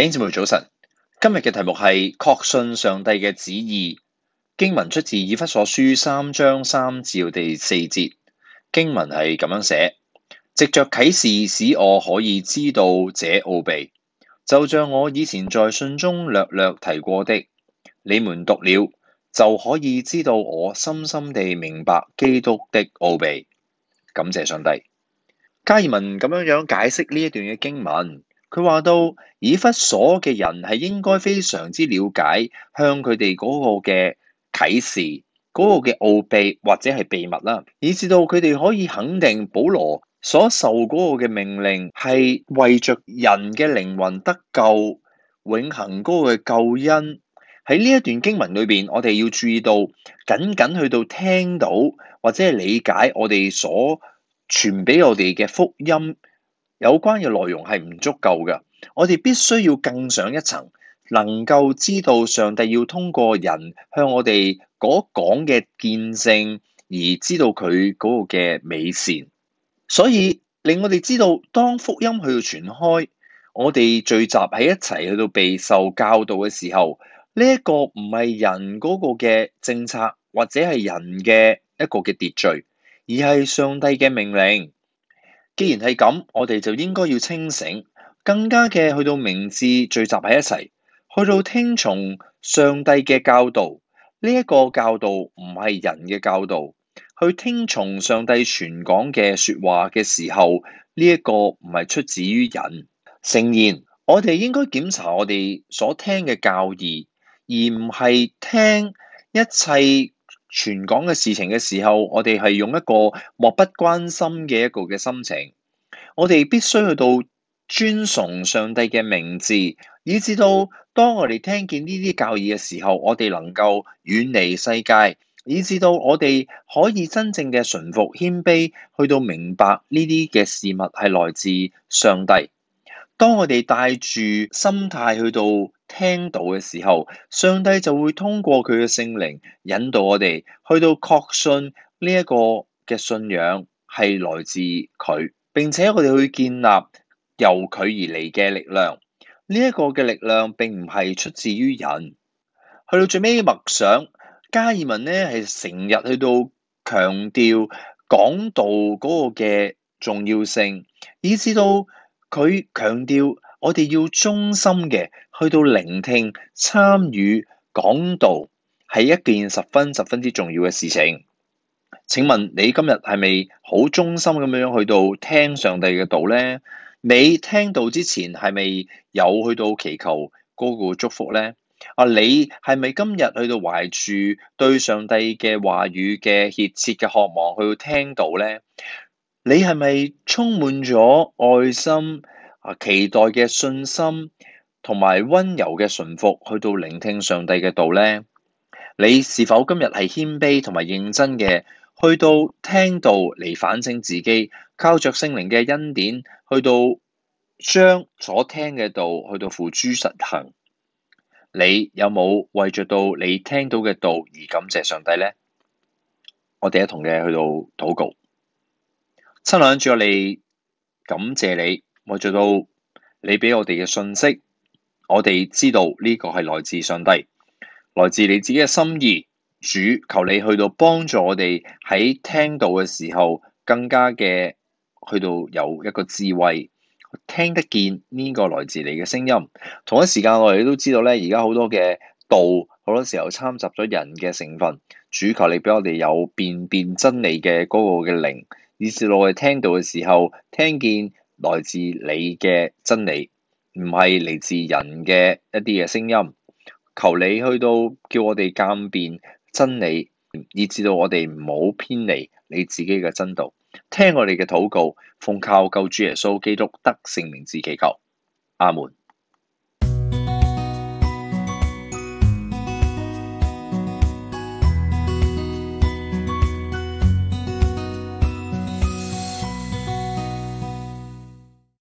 聽眾朋友早晨，今日嘅題目係確信上帝嘅旨意。經文出自以弗所書三章三至第四節，經文係咁樣寫：藉着啟示，使我可以知道這奧秘，就像我以前在信中略略提過的。你們讀了就可以知道我深深地明白基督的奧秘。感謝上帝，加爾文咁樣樣解釋呢一段嘅經文。佢話到，以弗所嘅人係應該非常之了解向佢哋嗰個嘅啟示、嗰個嘅奧秘或者係秘密啦，以至到佢哋可以肯定保羅所受嗰個嘅命令係為着人嘅靈魂得救、永恆嗰個嘅救恩。喺呢一段經文裏邊，我哋要注意到，僅僅去到聽到或者係理解我哋所傳俾我哋嘅福音。有關嘅內容係唔足夠嘅，我哋必須要更上一層，能夠知道上帝要通過人向我哋嗰講嘅見證，而知道佢嗰個嘅美善，所以令我哋知道，當福音去到傳開，我哋聚集喺一齊去到備受教導嘅時候，呢一個唔係人嗰個嘅政策，或者係人嘅一個嘅秩序，而係上帝嘅命令。既然係咁，我哋就應該要清醒，更加嘅去到明智聚集喺一齊，去到聽從上帝嘅教導。呢一個教導唔係人嘅教導，去聽從上帝傳講嘅説話嘅時候，呢一個唔係出自於人。誠然，我哋應該檢查我哋所聽嘅教義，而唔係聽一切。全港嘅事情嘅時候，我哋係用一個漠不關心嘅一個嘅心情。我哋必須去到尊崇上帝嘅名字，以至到當我哋聽見呢啲教義嘅時候，我哋能夠遠離世界，以至到我哋可以真正嘅順服謙卑，去到明白呢啲嘅事物係來自上帝。當我哋帶住心態去到。聽到嘅時候，上帝就會通過佢嘅聖靈引導我哋去到確信呢一個嘅信仰係來自佢，並且我哋去建立由佢而嚟嘅力量。呢、這、一個嘅力量並唔係出自於人。去到最尾默想，加爾文呢係成日去到強調講道嗰個嘅重要性，以至到佢強調。我哋要忠心嘅去到聆聽、參與講道，係一件十分、十分之重要嘅事情。請問你今日係咪好忠心咁樣去到聽上帝嘅道咧？你聽道之前係咪有去到祈求 𠮶 個祝福咧？啊，你係咪今日去到懷住對上帝嘅話語嘅熱切嘅渴望去到聽道咧？你係咪充滿咗愛心？期待嘅信心同埋溫柔嘅順服，去到聆聽上帝嘅道呢？你是否今日係謙卑同埋認真嘅，去到聽道嚟反省自己，靠着聖靈嘅恩典，去到將所聽嘅道去到付諸實行。你有冇為著到你聽到嘅道而感謝上帝呢？我哋一同嘅去到禱告。親愛的主，我哋感謝你。我做到你俾我哋嘅信息，我哋知道呢個係來自上帝，來自你自己嘅心意。主求你去到幫助我哋喺聽到嘅時候，更加嘅去到有一個智慧，聽得見呢個來自你嘅聲音。同一時間，我哋都知道咧，而家好多嘅道，好多時候摻雜咗人嘅成分。主求你俾我哋有辨辨真理嘅嗰個嘅靈，以至我哋聽到嘅時候，聽見。來自你嘅真理，唔係嚟自人嘅一啲嘅聲音。求你去到叫我哋鑒辨真理，以至到我哋唔好偏離你自己嘅真道。聽我哋嘅禱告，奉靠救主耶穌基督得聖名之祈求。阿門。